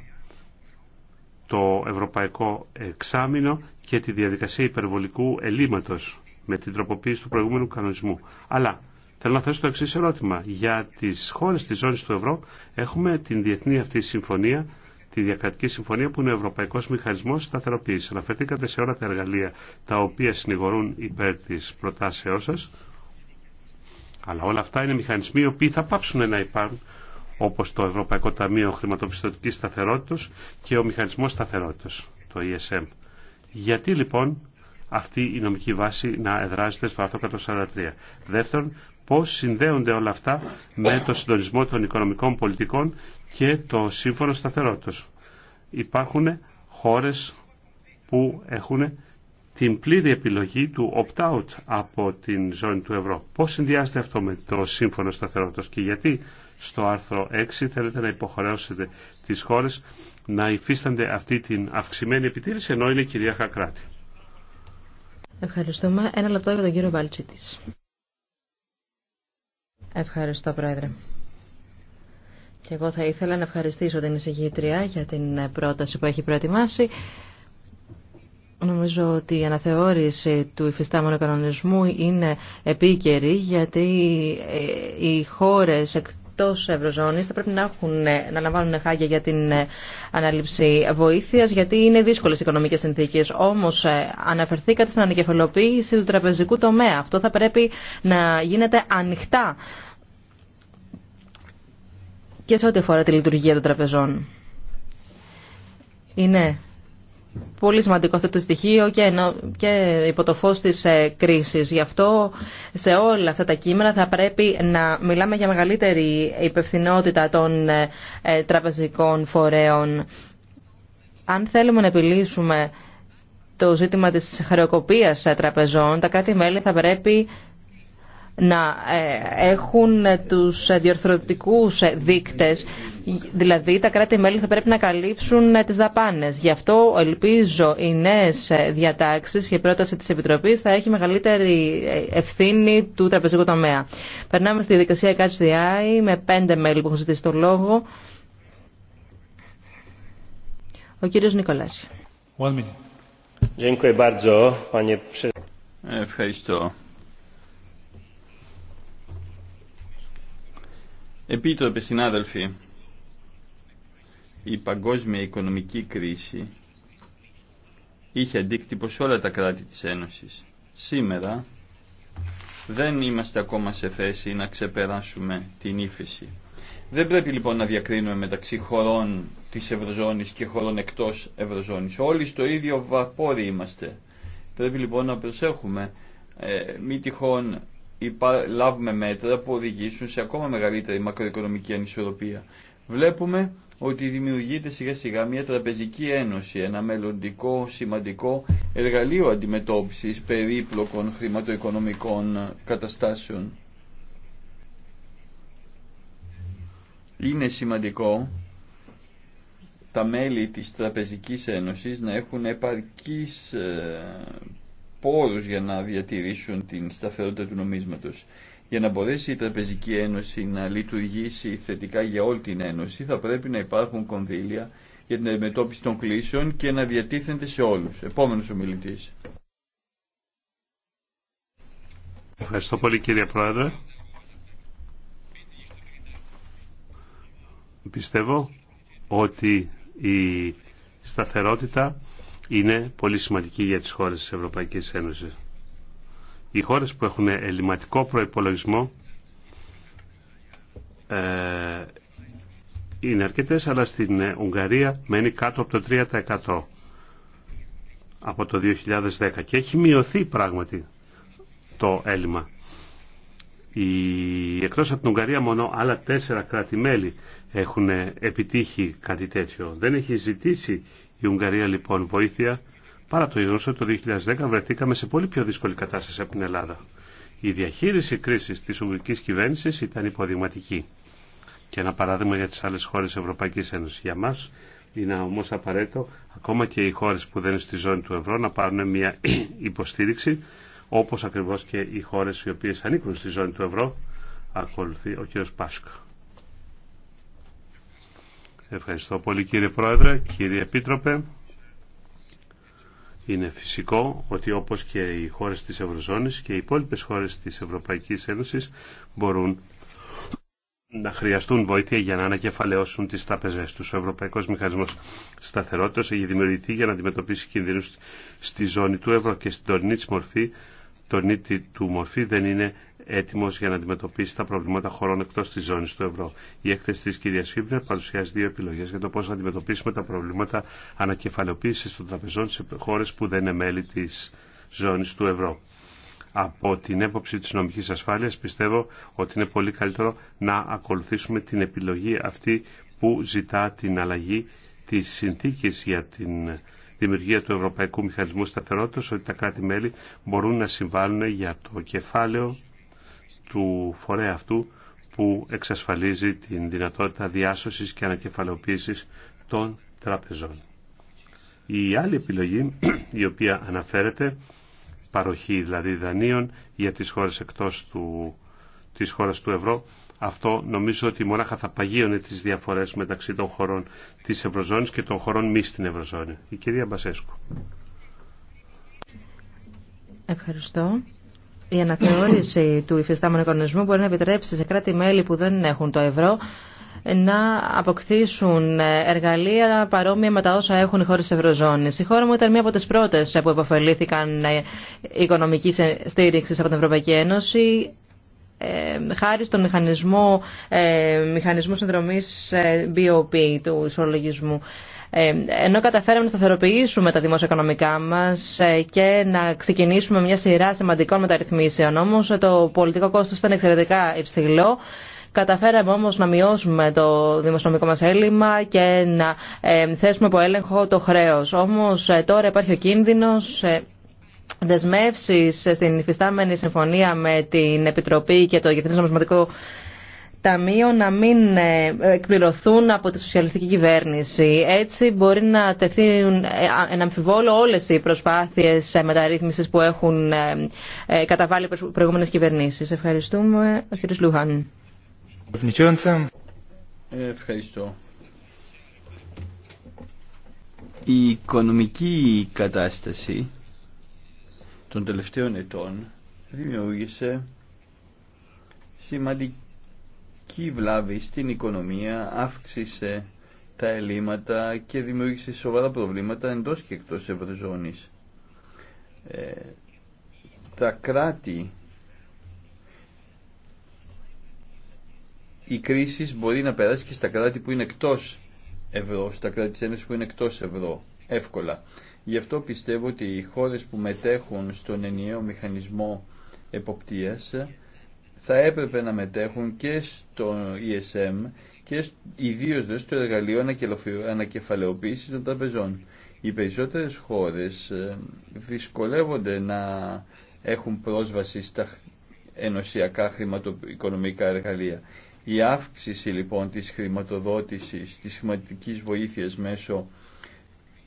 το ευρωπαϊκό εξάμεινο και τη διαδικασία υπερβολικού ελλείμματος με την τροποποίηση του προηγούμενου κανονισμού. Αλλά Θέλω να θέσω το εξή ερώτημα. Για τι χώρε τη ζώνη του ευρώ έχουμε την διεθνή αυτή συμφωνία, τη διακρατική συμφωνία που είναι ο Ευρωπαϊκός Μηχανισμός Σταθεροποίηση. Αναφερθήκατε σε όλα τα εργαλεία τα οποία συνηγορούν υπέρ τη προτάσεω σα, Αλλά όλα αυτά είναι μηχανισμοί οι οποίοι θα πάψουν να υπάρχουν όπως το Ευρωπαϊκό Ταμείο Χρηματοπιστωτικής Σταθερότητας και ο Μηχανισμός Σταθερότητας, το ESM. Γιατί λοιπόν αυτή η νομική βάση να εδράζεται στο άρθρο 143. Δεύτερον, πώς συνδέονται όλα αυτά με το συντονισμό των οικονομικών πολιτικών και το σύμφωνο σταθερότητας. Υπάρχουν χώρες που έχουν την πλήρη επιλογή του opt-out από την ζώνη του ευρώ. Πώς συνδυάζεται αυτό με το σύμφωνο σταθερότητας και γιατί στο άρθρο 6 θέλετε να υποχρεώσετε τις χώρες να υφίστανται αυτή την αυξημένη επιτήρηση ενώ είναι κυρία κράτη. Ευχαριστούμε. Ένα λεπτό για τον κύριο Βάλτσιτης. Ευχαριστώ, Πρόεδρε. Και εγώ θα ήθελα να ευχαριστήσω την εισηγήτρια για την πρόταση που έχει προετοιμάσει. Νομίζω ότι η αναθεώρηση του υφιστάμενου κανονισμού είναι επίκαιρη γιατί ε, οι χώρες εκτό Ευρωζώνης θα πρέπει να, έχουν, να λαμβάνουν χάγια για την ε, ανάληψη βοήθειας γιατί είναι δύσκολε οι οικονομικές συνθήκες. Όμως ε, αναφερθήκατε στην ανακεφαλοποίηση του τραπεζικού τομέα. Αυτό θα πρέπει να γίνεται ανοιχτά και σε ό,τι αφορά τη λειτουργία των τραπεζών. Είναι πολύ σημαντικό αυτό το στοιχείο και, και υπό το φως της ε, κρίσης. Γι' αυτό σε όλα αυτά τα κείμενα θα πρέπει να μιλάμε για μεγαλύτερη υπευθυνότητα των ε, ε, τραπεζικών φορέων. Αν θέλουμε να επιλύσουμε το ζήτημα της χρεοκοπίας τραπεζών, τα κράτη-μέλη θα πρέπει να έχουν τους διορθωτικούς δείκτες Δηλαδή τα κράτη-μέλη θα πρέπει να καλύψουν ε, τις δαπάνες. Γι' αυτό ελπίζω οι νέες ε, διατάξεις και η πρόταση της Επιτροπής θα έχει μεγαλύτερη ε, ευθύνη του τραπεζικού τομέα. Περνάμε στη δικασία Catch the με πέντε μέλη που έχουν ζητήσει το λόγο. Ο κύριος Νικολάς. Ευχαριστώ. Επίτροπε συνάδελφοι, η παγκόσμια οικονομική κρίση είχε αντίκτυπο σε όλα τα κράτη της Ένωσης. Σήμερα δεν είμαστε ακόμα σε θέση να ξεπεράσουμε την ύφεση. Δεν πρέπει λοιπόν να διακρίνουμε μεταξύ χωρών της Ευρωζώνης και χωρών εκτός Ευρωζώνης. Όλοι στο ίδιο βαπόρι είμαστε. Πρέπει λοιπόν να προσέχουμε ε, μη τυχόν υπά, λάβουμε μέτρα που οδηγήσουν σε ακόμα μεγαλύτερη μακροοικονομική ανισορροπία. Βλέπουμε ότι δημιουργείται σιγά σιγά μια τραπεζική ένωση, ένα μελλοντικό σημαντικό εργαλείο αντιμετώπισης περίπλοκων χρηματοοικονομικών καταστάσεων. Είναι σημαντικό τα μέλη της Τραπεζικής Ένωσης να έχουν επαρκείς ε, πόρους για να διατηρήσουν την σταθερότητα του νομίσματος. Για να μπορέσει η Τραπεζική Ένωση να λειτουργήσει θετικά για όλη την Ένωση θα πρέπει να υπάρχουν κονδύλια για την αντιμετώπιση των κλήσεων και να διατίθενται σε όλους. Επόμενος μιλητής. Ευχαριστώ πολύ κύριε Πρόεδρε. Πιστεύω ότι η σταθερότητα είναι πολύ σημαντική για τις χώρες της Ευρωπαϊκής Ένωσης οι χώρες που έχουν ελληματικό προϋπολογισμό ε, είναι αρκετές, αλλά στην ε, Ουγγαρία μένει κάτω από το 3% από το 2010 και έχει μειωθεί πράγματι το έλλειμμα. Η... Εκτός από την Ουγγαρία μόνο άλλα τέσσερα κράτη-μέλη έχουν επιτύχει κάτι τέτοιο. Δεν έχει ζητήσει η Ουγγαρία λοιπόν βοήθεια Παρά το γεγονό ότι το 2010 βρεθήκαμε σε πολύ πιο δύσκολη κατάσταση από την Ελλάδα. Η διαχείριση κρίση τη ουγγρική κυβέρνηση ήταν υποδειγματική. Και ένα παράδειγμα για τι άλλε χώρε Ευρωπαϊκή Ένωση. Για μα είναι όμω απαραίτητο ακόμα και οι χώρε που δεν είναι στη ζώνη του ευρώ να πάρουν μια υποστήριξη όπω ακριβώ και οι χώρε οι οποίε ανήκουν στη ζώνη του ευρώ. Ακολουθεί ο κ. Πάσκο. Ευχαριστώ πολύ κύριε Πρόεδρε, κύριε Επίτροπε. Είναι φυσικό ότι όπως και οι χώρες της Ευρωζώνης και οι υπόλοιπες χώρες της Ευρωπαϊκής Ένωσης μπορούν να χρειαστούν βοήθεια για να ανακεφαλαιώσουν τις τάπεζές τους. Ο Ευρωπαϊκός Μηχανισμός Σταθερότητας έχει δημιουργηθεί για να αντιμετωπίσει κινδύνους στη ζώνη του ευρώ και στην τωρινή της μορφή, τωρινή του μορφή δεν είναι έτοιμο για να αντιμετωπίσει τα προβλήματα χωρών εκτό τη ζώνη του ευρώ. Η έκθεση τη κυρία Φίμπνερ παρουσιάζει δύο επιλογέ για το πώ να αντιμετωπίσουμε τα προβλήματα ανακεφαλαιοποίηση των τραπεζών σε χώρε που δεν είναι μέλη τη ζώνη του ευρώ. Από την έποψη της νομικής ασφάλειας πιστεύω ότι είναι πολύ καλύτερο να ακολουθήσουμε την επιλογή αυτή που ζητά την αλλαγή της συνθήκης για την δημιουργία του Ευρωπαϊκού Μηχανισμού Σταθερότητας ότι τα κράτη-μέλη μπορούν να συμβάλλουν για το κεφάλαιο του φορέα αυτού που εξασφαλίζει την δυνατότητα διάσωσης και ανακεφαλαιοποίησης των τραπεζών. Η άλλη επιλογή η οποία αναφέρεται, παροχή δηλαδή δανείων για τις χώρες εκτός του, της χώρας του ευρώ, αυτό νομίζω ότι μονάχα θα παγίωνε τις διαφορές μεταξύ των χωρών της Ευρωζώνης και των χωρών μη στην Ευρωζώνη. Η κυρία Μπασέσκου. Ευχαριστώ. Η αναθεώρηση του υφιστάμενου οικονομισμού μπορεί να επιτρέψει σε κράτη-μέλη που δεν έχουν το ευρώ να αποκτήσουν εργαλεία παρόμοια με τα όσα έχουν οι χώρε τη Ευρωζώνη. Η χώρα μου ήταν μία από τι πρώτε που επωφελήθηκαν οικονομική στήριξη από την Ευρωπαϊκή Ένωση χάρη στον μηχανισμό, ε, μηχανισμό συνδρομής ε, BOP του ισολογισμού. Ε, ενώ καταφέραμε να σταθεροποιήσουμε τα δημοσιοοικονομικά μας ε, και να ξεκινήσουμε μια σειρά σημαντικών μεταρρυθμίσεων. Όμως ε, το πολιτικό κόστος ήταν εξαιρετικά υψηλό. Καταφέραμε όμως να μειώσουμε το δημοσιονομικό μα έλλειμμα και να θέσουμε από έλεγχο το χρέος. Όμως τώρα υπάρχει ο κίνδυνος δεσμεύσει στην υφιστάμενη συμφωνία με την Επιτροπή και το Γεθνή Νομισματικό ταμείο να μην ε, εκπληρωθούν από τη σοσιαλιστική κυβέρνηση. Έτσι μπορεί να τεθεί ε, εν αμφιβόλο όλες οι προσπάθειες ε, μεταρρύθμισης που έχουν καταβάλει προηγούμενες κυβερνήσεις. Ευχαριστούμε. Ο κ. Λουχάν. Ευχαριστώ. Η οικονομική κατάσταση των τελευταίων ετών δημιούργησε σημαντική οικονομική βλάβη στην οικονομία αύξησε τα ελλείμματα και δημιούργησε σοβαρά προβλήματα εντός και εκτός Ευρωζώνης. Ε, τα κράτη η κρίση μπορεί να περάσει και στα κράτη που είναι εκτός ευρώ, στα κράτη της Ένωσης που είναι εκτός ευρώ, εύκολα. Γι' αυτό πιστεύω ότι οι χώρες που μετέχουν στον ενιαίο μηχανισμό εποπτείας θα έπρεπε να μετέχουν και στο ESM και ιδίω δε στο εργαλείο ανακεφαλαιοποίηση των τραπεζών. Οι περισσότερε χώρες ε, δυσκολεύονται να έχουν πρόσβαση στα ενωσιακά χρηματοοικονομικά εργαλεία. Η αύξηση λοιπόν της χρηματοδότησης, της χρηματικής βοήθειας μέσω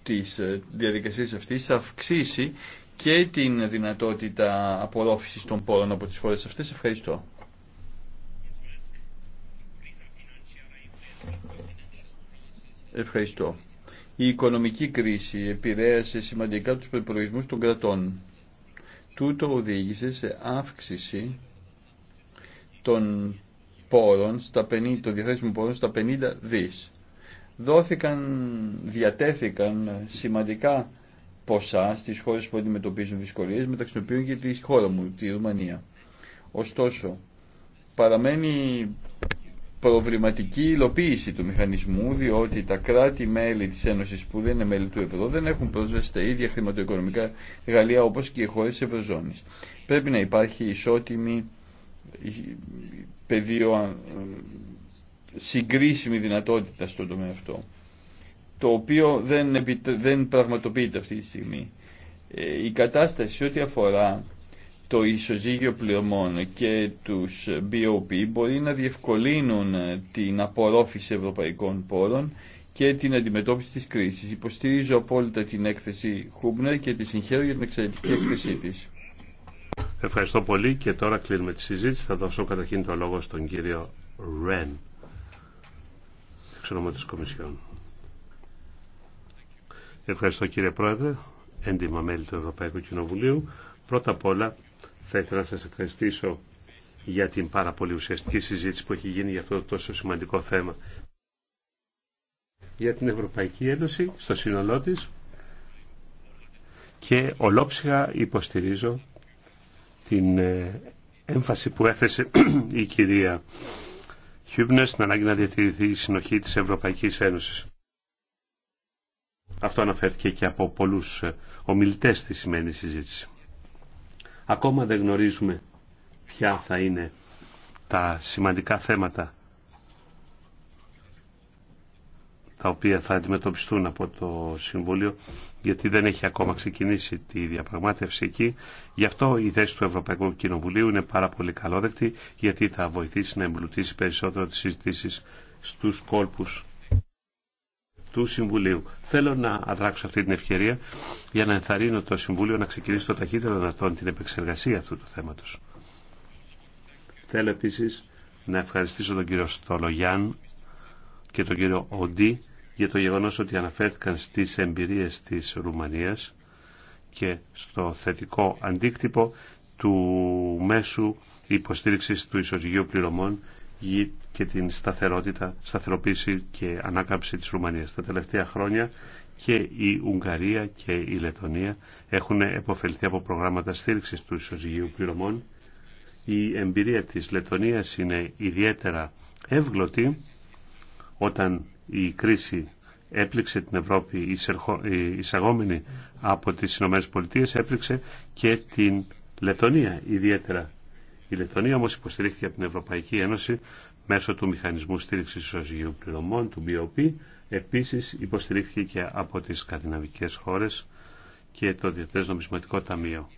της ε, διαδικασίας αυτής θα αυξήσει και την δυνατότητα απορρόφησης των πόρων από τις χώρες αυτές. Ευχαριστώ. Ευχαριστώ. Η οικονομική κρίση επηρέασε σημαντικά τους προϋπολογισμούς των κρατών. Τούτο οδήγησε σε αύξηση των πόρων, στα 50, των διαθέσιμων πόρων στα 50 δις. Δόθηκαν, διατέθηκαν σημαντικά ποσά στι χώρε που αντιμετωπίζουν δυσκολίε, μεταξύ των οποίων και τη χώρα μου, τη Ρουμανία. Ωστόσο, παραμένει προβληματική υλοποίηση του μηχανισμού, διότι τα κράτη-μέλη τη Ένωση που δεν είναι μέλη του ευρώ δεν έχουν πρόσβαση στα ίδια χρηματοοικονομικά εργαλεία όπω και οι χώρε τη Ευρωζώνη. Πρέπει να υπάρχει ισότιμη ε, πεδίο ε, συγκρίσιμη δυνατότητα στον τομέα αυτό το οποίο δεν, δεν πραγματοποιείται αυτή τη στιγμή. Ε, η κατάσταση ό,τι αφορά το ισοζύγιο πληρωμών και τους BOP μπορεί να διευκολύνουν ε, την απορρόφηση ευρωπαϊκών πόρων και την αντιμετώπιση της κρίσης. Υποστηρίζω απόλυτα την έκθεση Χούμπνερ και τη συγχαίρω για την εξαιρετική έκθεσή της. Ευχαριστώ πολύ και τώρα κλείνουμε τη συζήτηση. Θα δώσω καταρχήν το λόγο στον κύριο Ρεν, εξ Κομισιόν. Ευχαριστώ κύριε Πρόεδρε, έντιμα μέλη του Ευρωπαϊκού Κοινοβουλίου. Πρώτα απ' όλα θα ήθελα να σας ευχαριστήσω για την πάρα πολύ ουσιαστική συζήτηση που έχει γίνει για αυτό το τόσο σημαντικό θέμα για την Ευρωπαϊκή Ένωση στο σύνολό της και ολόψυχα υποστηρίζω την ε, έμφαση που έθεσε η κυρία Χιούμπνερ στην ανάγκη να διατηρηθεί η συνοχή της Ευρωπαϊκής Ένωσης. Αυτό αναφέρθηκε και από πολλούς ε, ομιλητές στη σημαίνει συζήτηση. Ακόμα δεν γνωρίζουμε ποια θα είναι τα σημαντικά θέματα τα οποία θα αντιμετωπιστούν από το Συμβούλιο, γιατί δεν έχει ακόμα ξεκινήσει τη διαπραγμάτευση εκεί. Γι' αυτό η θέση του Ευρωπαϊκού Κοινοβουλίου είναι πάρα πολύ καλόδεκτη, γιατί θα βοηθήσει να εμπλουτίσει περισσότερο τις συζητήσεις στους κόλπους του Συμβουλίου. Θέλω να αδράξω αυτή την ευκαιρία για να ενθαρρύνω το Συμβούλιο να ξεκινήσει το ταχύτερο δυνατόν την επεξεργασία αυτού του θέματος. Θέλω επίση να ευχαριστήσω τον κύριο Στολογιάν και τον κύριο Οντί για το γεγονός ότι αναφέρθηκαν στις εμπειρίες της Ρουμανίας και στο θετικό αντίκτυπο του μέσου υποστήριξης του ισοζυγίου πληρωμών και την σταθερότητα, σταθεροποίηση και ανάκαμψη της Ρουμανίας. Τα τελευταία χρόνια και η Ουγγαρία και η Λετωνία έχουν επωφεληθεί από προγράμματα στήριξης του ισοζυγίου πληρωμών. Η εμπειρία της Λετωνίας είναι ιδιαίτερα εύγλωτη όταν η κρίση έπληξε την Ευρώπη ε, εισαγόμενη από τις Ηνωμένες Πολιτείες, έπληξε και την Λετωνία ιδιαίτερα η Λετωνία όμως υποστηρίχθηκε από την Ευρωπαϊκή Ένωση μέσω του Μηχανισμού Στήριξης Ισοζυγίου Πληρωμών, του BOP. Επίσης υποστηρίχθηκε και από τις σκανδιναβικές χώρες και το Διεθνές Νομισματικό Ταμείο.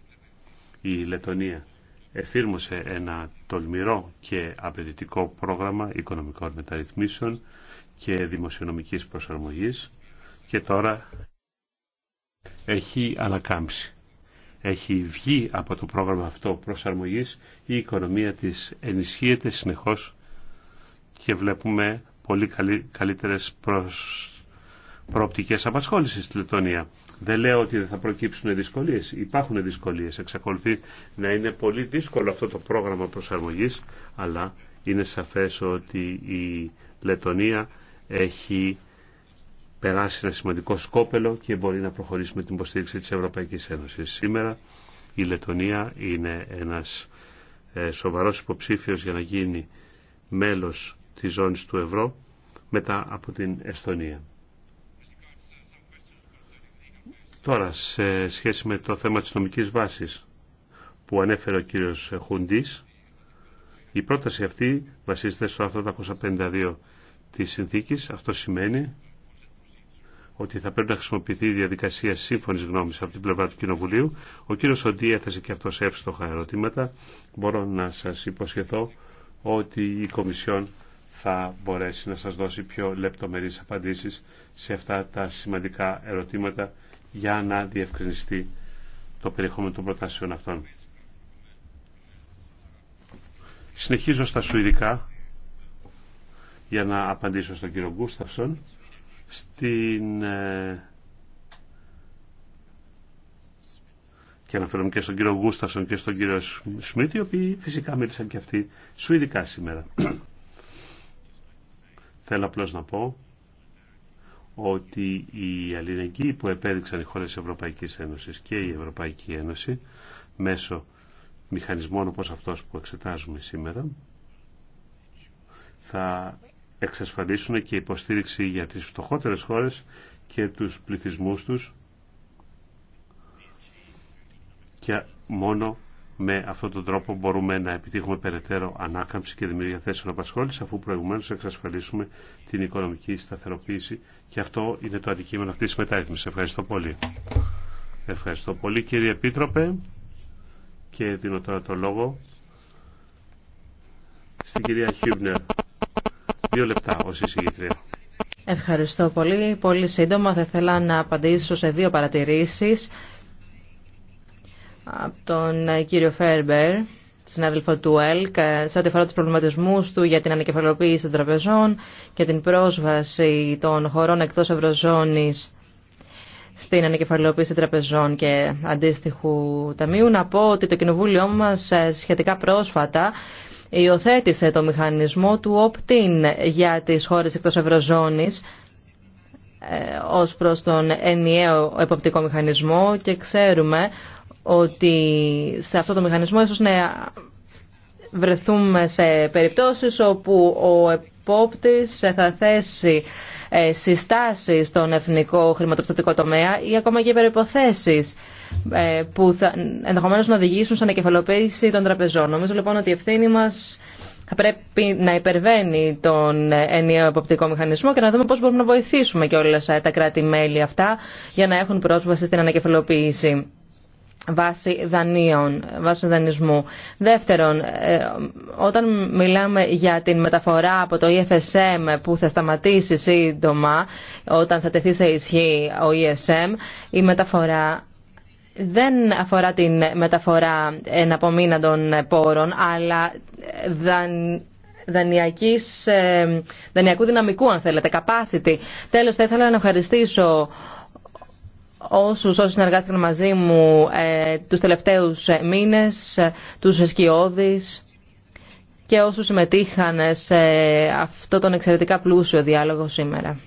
Η Λετωνία εφήρμοσε ένα τολμηρό και απαιτητικό πρόγραμμα οικονομικών μεταρρυθμίσεων και δημοσιονομικής προσαρμογής και τώρα έχει ανακάμψει έχει βγει από το πρόγραμμα αυτό προσαρμογής, η οικονομία της ενισχύεται συνεχώς και βλέπουμε πολύ καλύτερες προς προοπτικές απασχόλησης στη Λετωνία. Δεν λέω ότι δεν θα προκύψουν δυσκολίες. Υπάρχουν δυσκολίες. Εξακολουθεί να είναι πολύ δύσκολο αυτό το πρόγραμμα προσαρμογής, αλλά είναι σαφές ότι η Λετωνία έχει περάσει ένα σημαντικό σκόπελο και μπορεί να προχωρήσει με την υποστήριξη της Ευρωπαϊκής Ένωσης. Σήμερα η Λετωνία είναι ένας ε, σοβαρός υποψήφιος για να γίνει μέλος της ζώνης του ευρώ μετά από την Εστονία. Τώρα, σε σχέση με το θέμα της νομικής βάσης που ανέφερε ο κύριος Χουντής, η πρόταση αυτή βασίζεται στο άρθρο της συνθήκης. Αυτό σημαίνει ότι θα πρέπει να χρησιμοποιηθεί η διαδικασία σύμφωνη γνώμη από την πλευρά του Κοινοβουλίου. Ο κύριο Σοντή έθεσε και αυτό εύστοχα ερωτήματα. Μπορώ να σα υποσχεθώ ότι η Κομισιόν θα μπορέσει να σας δώσει πιο λεπτομερείς απαντήσεις σε αυτά τα σημαντικά ερωτήματα για να διευκρινιστεί το περιεχόμενο των προτάσεων αυτών. Συνεχίζω στα Σουηδικά για να απαντήσω στον κύριο Γκούσταυσον στην... Ε, και αναφέρομαι και στον κύριο Γούστασον και στον κύριο Σμίτ, οι οποίοι φυσικά μίλησαν και αυτοί ειδικά σήμερα. Θέλω απλώς να πω ότι η αλληλεγγύοι που επέδειξαν οι χώρες της Ευρωπαϊκής Ένωσης και η Ευρωπαϊκή Ένωση μέσω μηχανισμών όπως αυτός που εξετάζουμε σήμερα θα εξασφαλίσουν και υποστήριξη για τις φτωχότερες χώρες και τους πληθυσμούς τους και μόνο με αυτόν τον τρόπο μπορούμε να επιτύχουμε περαιτέρω ανάκαμψη και δημιουργία θέσεων απασχόληση, αφού προηγουμένω εξασφαλίσουμε την οικονομική σταθεροποίηση. Και αυτό είναι το αντικείμενο αυτή τη μετάρρυθμιση. Ευχαριστώ πολύ. Ευχαριστώ πολύ, κύριε Επίτροπε. Και δίνω τώρα το λόγο στην κυρία Χιούμπνερ. Δύο λεπτά εισηγήτρια. Ευχαριστώ πολύ. Πολύ σύντομα θα ήθελα να απαντήσω σε δύο παρατηρήσεις από τον κύριο Φέρμπερ, συνάδελφο του ΕΛΚ, σε ό,τι αφορά τους προβληματισμούς του για την ανακεφαλοποίηση των τραπεζών και την πρόσβαση των χωρών εκτός Ευρωζώνης στην ανεκεφαλαιοποίηση τραπεζών και αντίστοιχου ταμείου. Να πω ότι το Κοινοβούλιο μα ε, σχετικά πρόσφατα υιοθέτησε το μηχανισμό του opt-in για τις χώρες εκτός Ευρωζώνης ε, ως προς τον ενιαίο εποπτικό μηχανισμό και ξέρουμε ότι σε αυτό το μηχανισμό ίσως να βρεθούμε σε περιπτώσεις όπου ο επόπτης θα θέσει ε, συστάσεις στον εθνικό χρηματοπιστωτικό τομέα ή ακόμα και περιποθέσεις ε, που θα, ενδεχομένως να οδηγήσουν σε ανακεφαλοποίηση των τραπεζών. Νομίζω λοιπόν ότι η ευθύνη μας θα πρέπει να υπερβαίνει τον ενιαίο εποπτικό μηχανισμό και να δούμε πώς μπορούμε να βοηθήσουμε και όλα ε, τα κράτη-μέλη αυτά για να έχουν πρόσβαση στην ανακεφαλοποίηση βάση δανείων, βάση δανεισμού. Δεύτερον, ε, όταν μιλάμε για την μεταφορά από το EFSM που θα σταματήσει σύντομα όταν θα τεθεί σε ισχύ ο ESM, η μεταφορά δεν αφορά την μεταφορά εναπομείναντων πόρων, αλλά δαν, δανειακής, ε, δανειακού δυναμικού, αν θέλετε, capacity. Τέλος, θα ήθελα να ευχαριστήσω όσους, όσοι συνεργάστηκαν μαζί μου ε, τους τελευταίους μήνες, τους εσκιώδεις και όσους συμμετείχαν σε αυτό τον εξαιρετικά πλούσιο διάλογο σήμερα.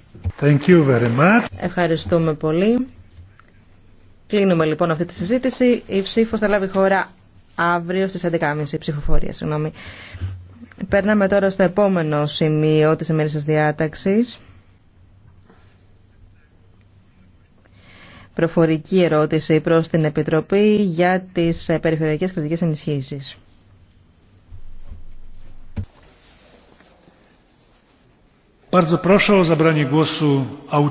Ευχαριστούμε πολύ. Κλείνουμε λοιπόν αυτή τη συζήτηση. Η ψήφο θα λάβει χώρα αύριο στις 11.30 ψηφοφορία. Συγγνώμη. Παίρναμε τώρα στο επόμενο σημείο της ημερήσια διάταξης. Προφορική ερώτηση προ την Επιτροπή για τις ε, περιφερειακές κρατικές ενισχύσει. Bardzo proszę o zabranie głosu